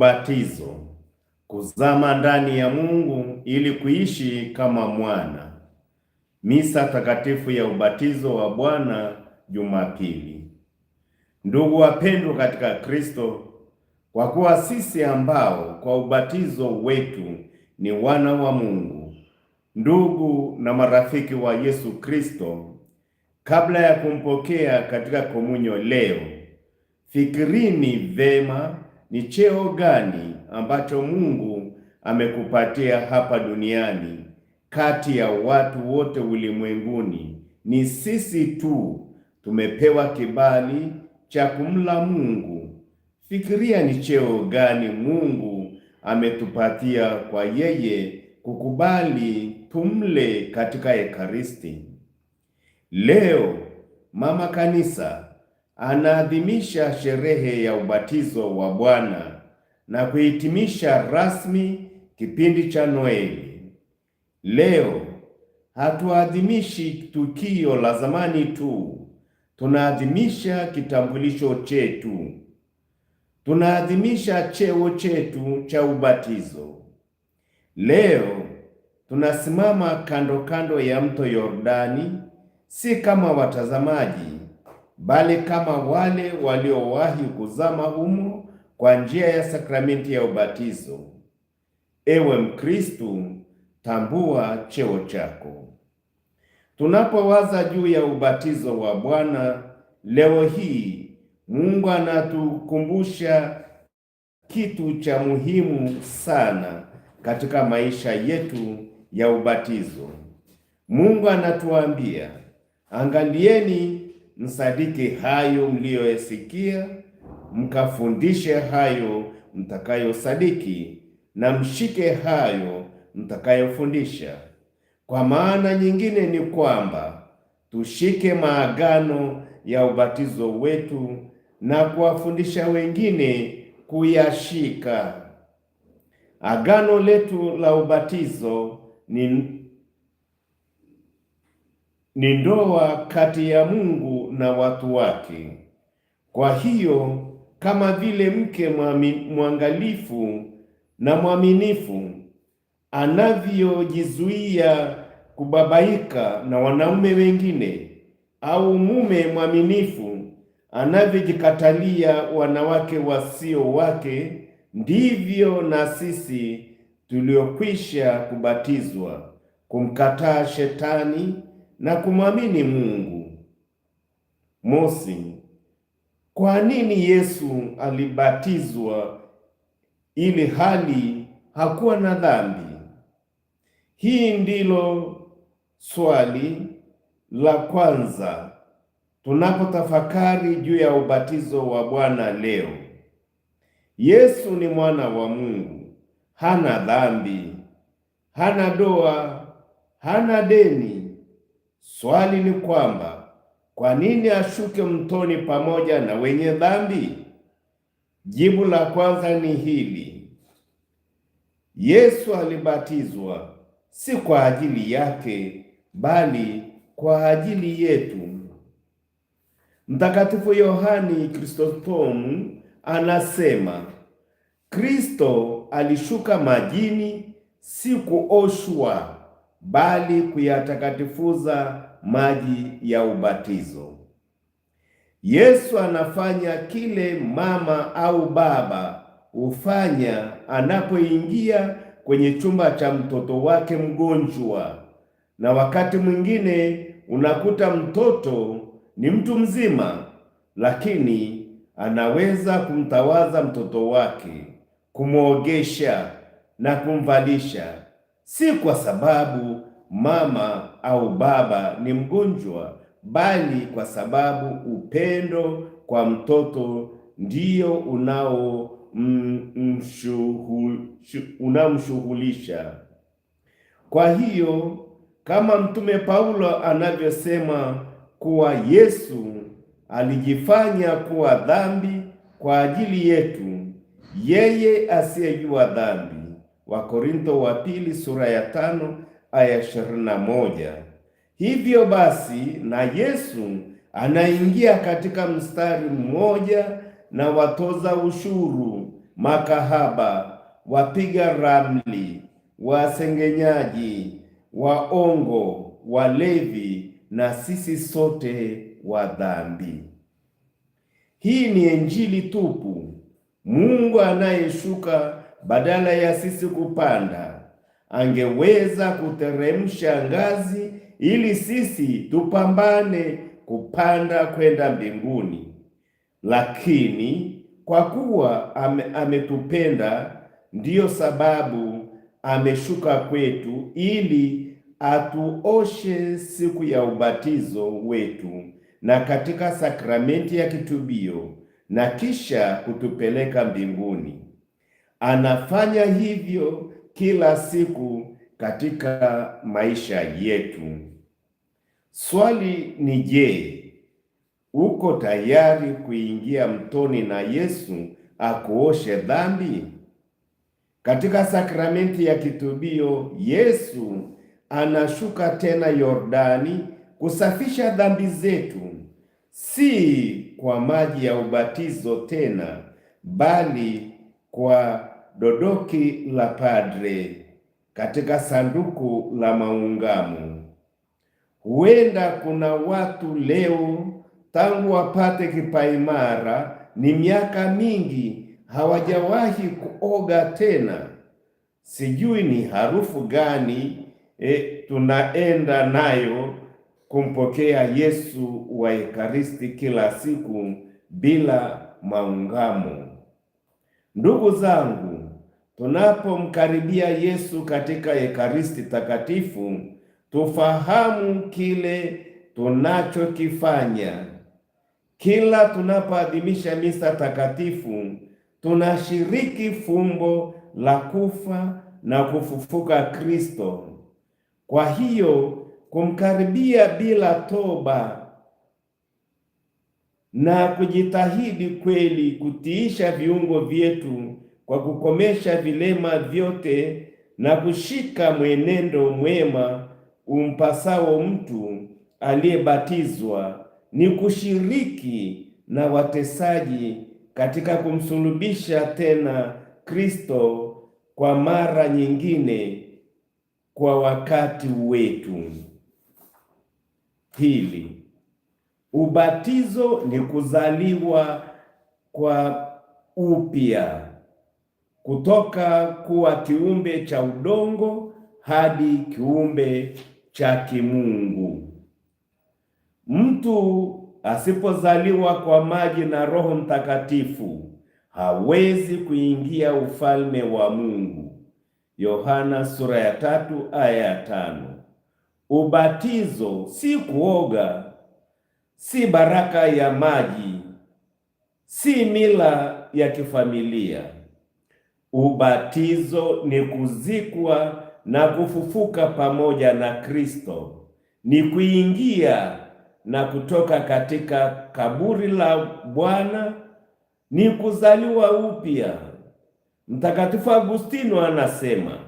ubatizo, kuzama ndani ya Mungu ili kuishi kama mwana. Misa takatifu ya ubatizo wa Bwana, Jumapili. Ndugu wapendwa katika Kristo, kwa kuwa sisi ambao kwa ubatizo wetu ni wana wa Mungu, ndugu na marafiki wa Yesu Kristo, kabla ya kumpokea katika komunyo leo, fikirini vema ni cheo gani ambacho Mungu amekupatia hapa duniani? Kati ya watu wote ulimwenguni, ni sisi tu tumepewa kibali cha kumla Mungu. Fikiria ni cheo gani Mungu ametupatia kwa yeye kukubali tumle katika Ekaristi. Leo mama kanisa anaadhimisha sherehe ya ubatizo wa Bwana na kuhitimisha rasmi kipindi cha Noeli. Leo hatuadhimishi tukio la zamani tu, tunaadhimisha kitambulisho chetu, tunaadhimisha cheo chetu cha ubatizo. Leo tunasimama kando kando ya mto Yordani, si kama watazamaji bali kama wale waliowahi kuzama humo kwa njia ya sakramenti ya ubatizo. Ewe Mkristu, tambua cheo chako. Tunapowaza juu ya ubatizo wa Bwana leo hii, Mungu anatukumbusha kitu cha muhimu sana katika maisha yetu ya ubatizo. Mungu anatuambia, angalieni msadiki hayo mliyoyasikia, mkafundishe hayo mtakayosadiki, na mshike hayo mtakayofundisha. Kwa maana nyingine ni kwamba tushike maagano ya ubatizo wetu na kuwafundisha wengine kuyashika. Agano letu la ubatizo ni ni ndoa kati ya Mungu na watu wake. Kwa hiyo kama vile mke mwangalifu na mwaminifu anavyojizuia kubabaika na wanaume wengine, au mume mwaminifu anavyojikatalia wanawake wasio wake, ndivyo na sisi tuliokwisha kubatizwa kumkataa shetani na kumwamini Mungu. Mosi, kwa nini Yesu alibatizwa ili hali hakuwa na dhambi? Hii ndilo swali la kwanza tunapotafakari juu ya ubatizo wa Bwana leo. Yesu ni mwana wa Mungu, hana dhambi, hana doa, hana deni Swali ni kwamba kwa nini ashuke mtoni pamoja na wenye dhambi? Jibu la kwanza ni hili: Yesu alibatizwa si kwa ajili yake, bali kwa ajili yetu. Mtakatifu Yohani Kristostom anasema Kristo alishuka majini si kuoshwa bali kuyatakatifuza maji ya ubatizo. Yesu anafanya kile mama au baba hufanya anapoingia kwenye chumba cha mtoto wake mgonjwa, na wakati mwingine unakuta mtoto ni mtu mzima, lakini anaweza kumtawaza mtoto wake, kumwogesha na kumvalisha si kwa sababu mama au baba ni mgonjwa, bali kwa sababu upendo kwa mtoto ndio unao unamshughulisha. Kwa hiyo kama Mtume Paulo anavyosema kuwa Yesu alijifanya kuwa dhambi kwa ajili yetu, yeye asiyejua dhambi Wakorintho wa pili sura ya tano aya ishirini na moja. Hivyo basi na Yesu anaingia katika mstari mmoja na watoza ushuru, makahaba, wapiga ramli, wasengenyaji, waongo, walevi na sisi sote wa dhambi. Hii ni injili tupu, Mungu anayeshuka badala ya sisi kupanda, angeweza kuteremsha ngazi ili sisi tupambane kupanda kwenda mbinguni. Lakini kwa kuwa ame, ametupenda ndiyo sababu ameshuka kwetu ili atuoshe siku ya ubatizo wetu na katika sakramenti ya kitubio na kisha kutupeleka mbinguni. Anafanya hivyo kila siku katika maisha yetu. Swali ni je, uko tayari kuingia mtoni na Yesu akuoshe dhambi? Katika sakramenti ya kitubio, Yesu anashuka tena Yordani kusafisha dhambi zetu, si kwa maji ya ubatizo tena, bali kwa dodoki la padre katika sanduku la maungamo. Huenda kuna watu leo tangu wapate kipaimara ni miaka mingi hawajawahi kuoga tena. Sijui ni harufu gani e, tunaenda nayo kumpokea Yesu wa Ekaristi kila siku bila maungamo. Ndugu zangu Tunapomkaribia Yesu katika Ekaristi Takatifu, tufahamu kile tunachokifanya. Kila tunapoadhimisha misa takatifu, tunashiriki fumbo la kufa na kufufuka Kristo. Kwa hiyo kumkaribia bila toba na kujitahidi kweli kutiisha viungo vyetu kwa kukomesha vilema vyote na kushika mwenendo mwema umpasao mtu aliyebatizwa, ni kushiriki na watesaji katika kumsulubisha tena Kristo kwa mara nyingine kwa wakati wetu. Hili ubatizo ni kuzaliwa kwa upya kutoka kuwa kiumbe cha udongo hadi kiumbe cha kimungu. Mtu asipozaliwa kwa maji na Roho Mtakatifu hawezi kuingia ufalme wa Mungu. Yohana sura ya tatu aya ya tano. Ubatizo si kuoga, si baraka ya maji, si mila ya kifamilia. Ubatizo ni kuzikwa na kufufuka pamoja na Kristo, ni kuingia na kutoka katika kaburi la Bwana, ni kuzaliwa upya. Mtakatifu Agustino anasema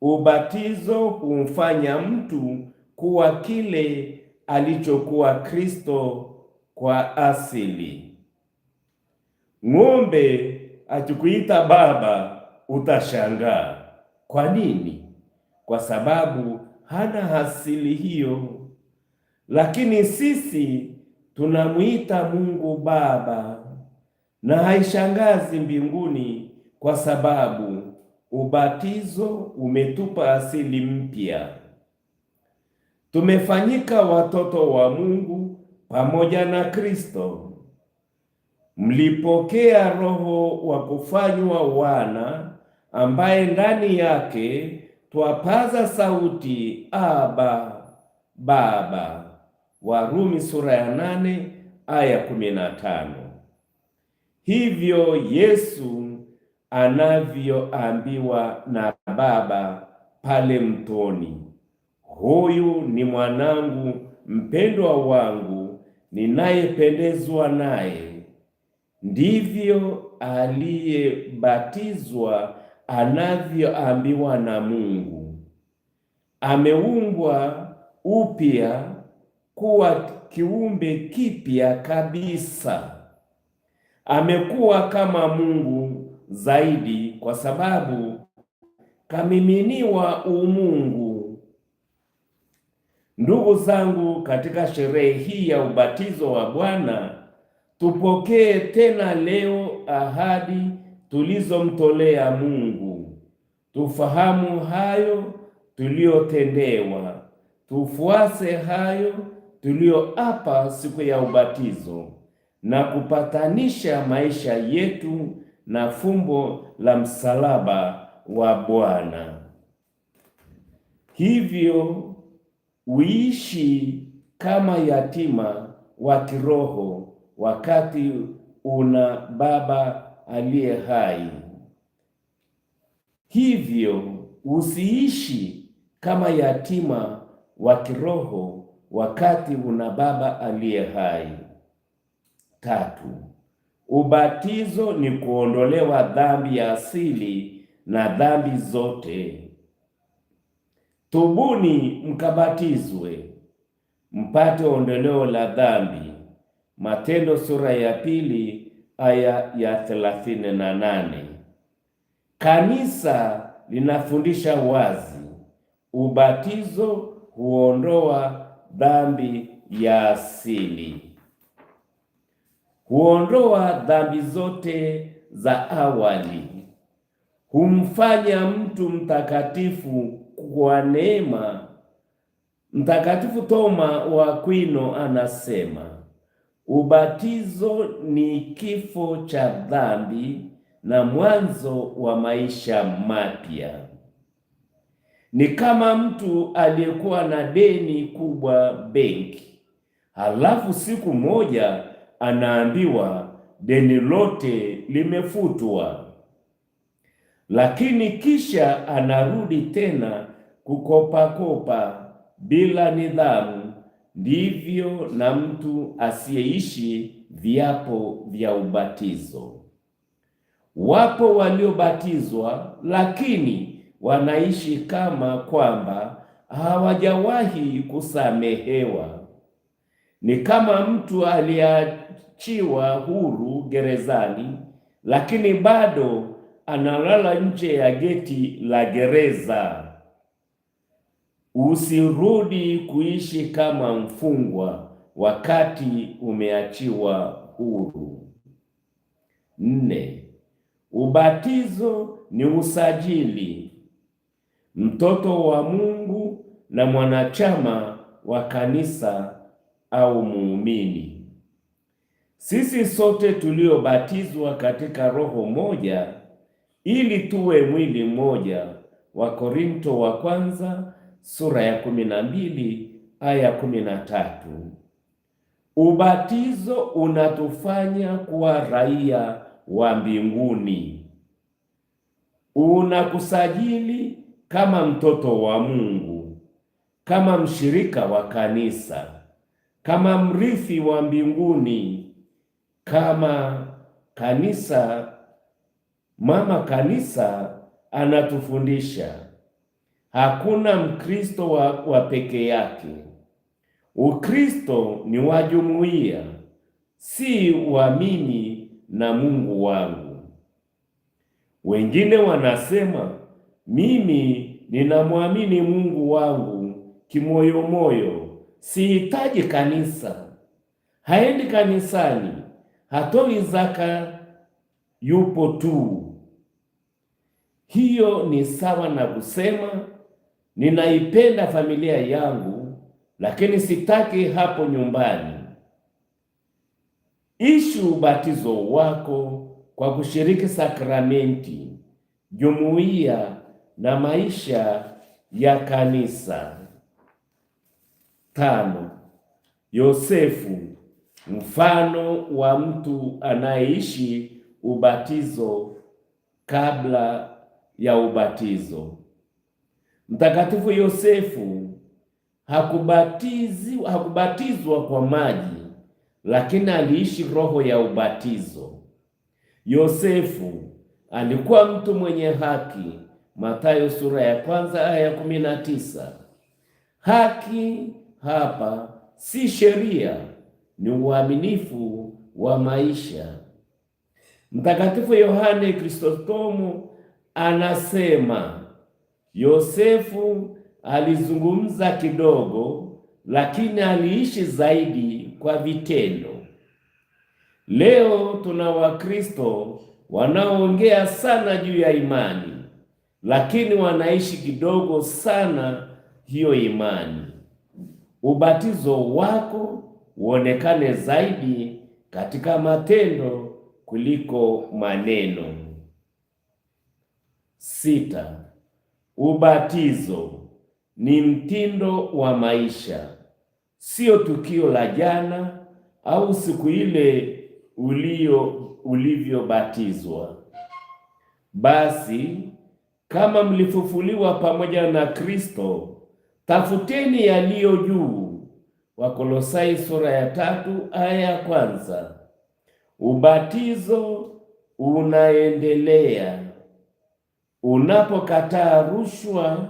ubatizo humfanya mtu kuwa kile alichokuwa Kristo kwa asili. Ng'ombe akikuita baba utashangaa. Kwa nini? Kwa sababu hana asili hiyo. Lakini sisi tunamwita Mungu Baba, na haishangazi mbinguni, kwa sababu ubatizo umetupa asili mpya. Tumefanyika watoto wa Mungu pamoja na Kristo mlipokea Roho wa kufanywa wana, ambaye ndani yake twapaza sauti Aba, Baba. Warumi sura ya nane aya kumi na tano. Hivyo Yesu anavyoambiwa na Baba pale mtoni, huyu ni mwanangu mpendwa wangu, ninayependezwa naye ndivyo aliyebatizwa anavyoambiwa na Mungu. Ameumbwa upya kuwa kiumbe kipya kabisa. Amekuwa kama Mungu zaidi kwa sababu kamiminiwa umungu. Ndugu zangu, katika sherehe hii ya ubatizo wa Bwana tupokee tena leo ahadi tulizomtolea Mungu, tufahamu hayo tuliyotendewa, tufuase hayo tuliyoapa siku ya ubatizo, na kupatanisha maisha yetu na fumbo la msalaba wa Bwana, hivyo uishi kama yatima wa kiroho wakati una baba aliye hai. Hivyo usiishi kama yatima wa kiroho wakati una baba aliye hai. Tatu, ubatizo ni kuondolewa dhambi ya asili na dhambi zote. Tubuni mkabatizwe mpate ondoleo la dhambi. Matendo sura ya pili aya ya nane. Kanisa linafundisha wazi ubatizo huondoa dhambi ya asili, huondoa dhambi zote za awali, humfanya mtu mtakatifu kwa neema. Mtakatifu Toma wa Aquino anasema Ubatizo ni kifo cha dhambi na mwanzo wa maisha mapya. Ni kama mtu aliyekuwa na deni kubwa benki, halafu siku moja anaambiwa deni lote limefutwa, lakini kisha anarudi tena kukopakopa bila nidhamu ndivyo na mtu asiyeishi viapo vya ubatizo. Wapo waliobatizwa lakini wanaishi kama kwamba hawajawahi kusamehewa. Ni kama mtu aliachiwa huru gerezani, lakini bado analala nje ya geti la gereza. Usirudi kuishi kama mfungwa wakati umeachiwa huru. Nne, ubatizo ni usajili mtoto wa Mungu na mwanachama wa kanisa au muumini. Sisi sote tuliobatizwa katika roho moja ili tuwe mwili mmoja, Wakorinto wa kwanza sura ya kumi na mbili aya ya kumi na tatu. Ubatizo unatufanya kuwa raia wa mbinguni, unakusajili kama mtoto wa Mungu, kama mshirika wa kanisa, kama mrithi wa mbinguni, kama kanisa. Mama kanisa anatufundisha Hakuna Mkristo wa, wa peke yake. Ukristo ni wa jumuiya, si wa mimi na Mungu wangu. Wengine wanasema mimi ninamwamini Mungu wangu kimoyomoyo, sihitaji kanisa, haendi kanisani, hatoi zaka, yupo tu. Hiyo ni sawa na kusema ninaipenda familia yangu, lakini sitaki hapo nyumbani. Ishi ubatizo wako kwa kushiriki sakramenti, jumuiya na maisha ya kanisa. Tano, Yosefu mfano wa mtu anayeishi ubatizo kabla ya ubatizo. Mtakatifu Yosefu hakubatizi, hakubatizwa kwa maji, lakini aliishi roho ya ubatizo. Yosefu alikuwa mtu mwenye haki, Mathayo sura ya kwanza aya ya kumi na tisa. Haki hapa si sheria, ni uaminifu wa maisha. Mtakatifu Yohane kristostomu anasema Yosefu alizungumza kidogo, lakini aliishi zaidi kwa vitendo. Leo tuna Wakristo wanaoongea sana juu ya imani, lakini wanaishi kidogo sana hiyo imani. Ubatizo wako uonekane zaidi katika matendo kuliko maneno. Sita. Ubatizo ni mtindo wa maisha, sio tukio la jana au siku ile ulio ulivyobatizwa. Basi kama mlifufuliwa pamoja na Kristo, tafuteni yaliyo juu. Wakolosai sura ya tatu aya ya kwanza. Ubatizo unaendelea unapokataa rushwa,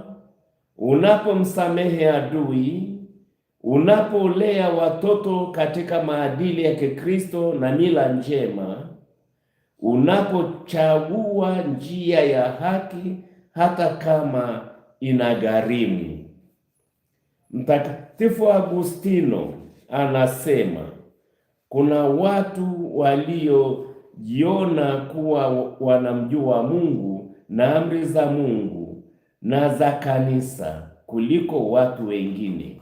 unapomsamehe adui, unapolea watoto katika maadili ya Kikristo na mila njema, unapochagua njia ya haki hata kama inagharimu. Mtakatifu Agustino anasema kuna watu waliojiona kuwa wanamjua Mungu na amri za Mungu na za kanisa kuliko watu wengine.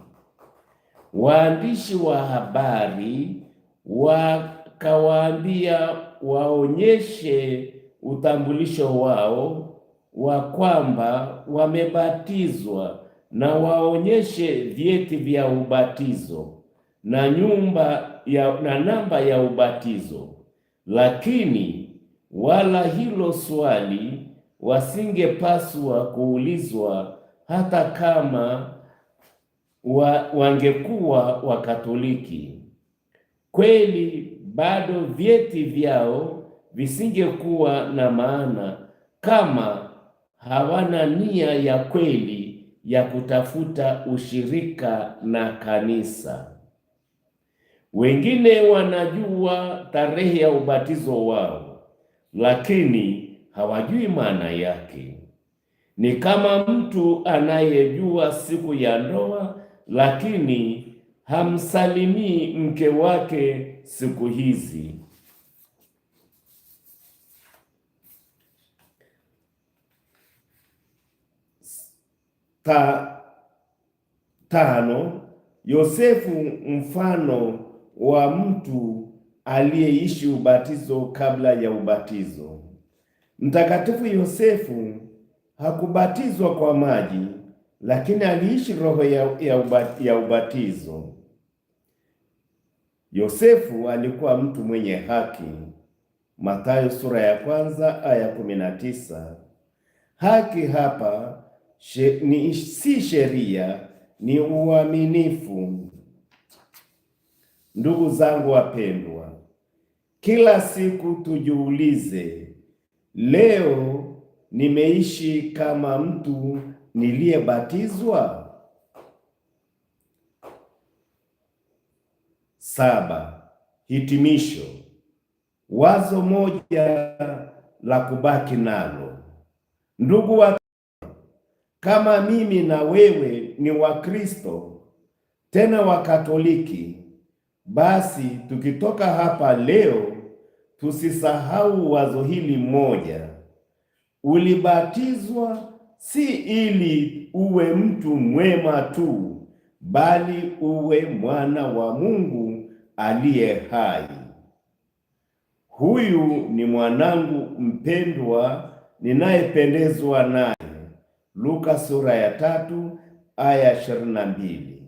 Waandishi wa habari wakawaambia waonyeshe utambulisho wao wa kwamba wamebatizwa na waonyeshe vyeti vya ubatizo na nyumba ya, na namba ya ubatizo, lakini wala hilo swali wasingepaswa kuulizwa hata kama wa, wangekuwa Wakatoliki kweli, bado vyeti vyao visingekuwa na maana kama hawana nia ya kweli ya kutafuta ushirika na kanisa. Wengine wanajua tarehe ya ubatizo wao, lakini hawajui maana yake. Ni kama mtu anayejua siku ya ndoa, lakini hamsalimii mke wake siku hizi. Ta, tano. Yosefu mfano wa mtu aliyeishi ubatizo kabla ya ubatizo. Mtakatifu Yosefu hakubatizwa kwa maji, lakini aliishi roho ya ubatizo. Yosefu alikuwa mtu mwenye haki, Mathayo sura ya kwanza aya kumi na tisa. Haki hapa she, ni, si sheria, ni uaminifu. Ndugu zangu wapendwa, kila siku tujiulize leo nimeishi kama mtu niliyebatizwa? Saba. Hitimisho. Wazo moja la kubaki nalo, ndugu wa, kama mimi na wewe ni Wakristo tena Wakatoliki, basi tukitoka hapa leo tusisahau wazo hili moja: ulibatizwa si ili uwe mtu mwema tu, bali uwe mwana wa Mungu aliye hai. Huyu ni mwanangu mpendwa ninayependezwa naye. Luka sura ya tatu aya ishirini na mbili.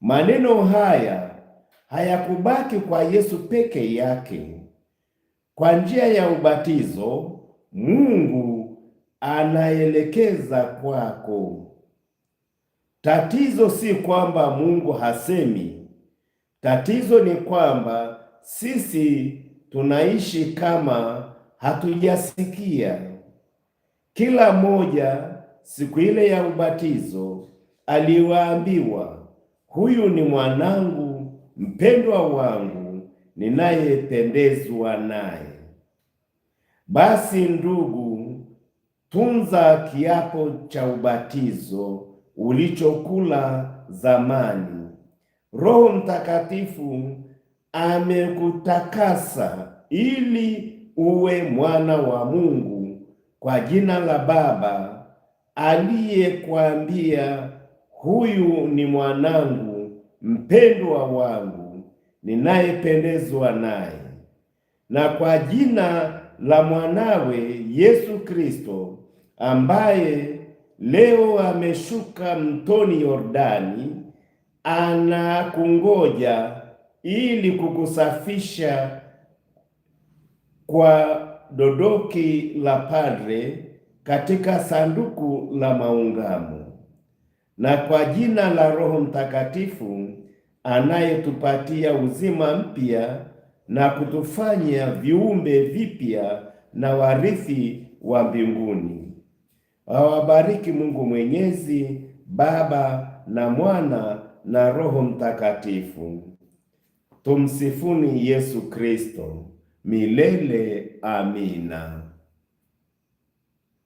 Maneno haya hayakubaki kwa Yesu peke yake kwa njia ya ubatizo Mungu anaelekeza kwako. Tatizo si kwamba Mungu hasemi. Tatizo ni kwamba sisi tunaishi kama hatujasikia. Kila mmoja siku ile ya ubatizo aliwaambiwa, huyu ni mwanangu mpendwa wangu ninayependezwa naye. Basi ndugu, tunza kiapo cha ubatizo ulichokula zamani. Roho Mtakatifu amekutakasa ili uwe mwana wa Mungu kwa jina la Baba aliyekwambia, huyu ni mwanangu mpendwa wangu ninayependezwa naye, na kwa jina la mwanawe Yesu Kristo, ambaye leo ameshuka mtoni Yordani, anakungoja ili kukusafisha kwa dodoki la padre katika sanduku la maungamo, na kwa jina la Roho Mtakatifu anayetupatia uzima mpya na kutufanya viumbe vipya na warithi wa mbinguni. Awabariki Mungu Mwenyezi, Baba na Mwana na Roho Mtakatifu. Tumsifuni Yesu Kristo milele. Amina.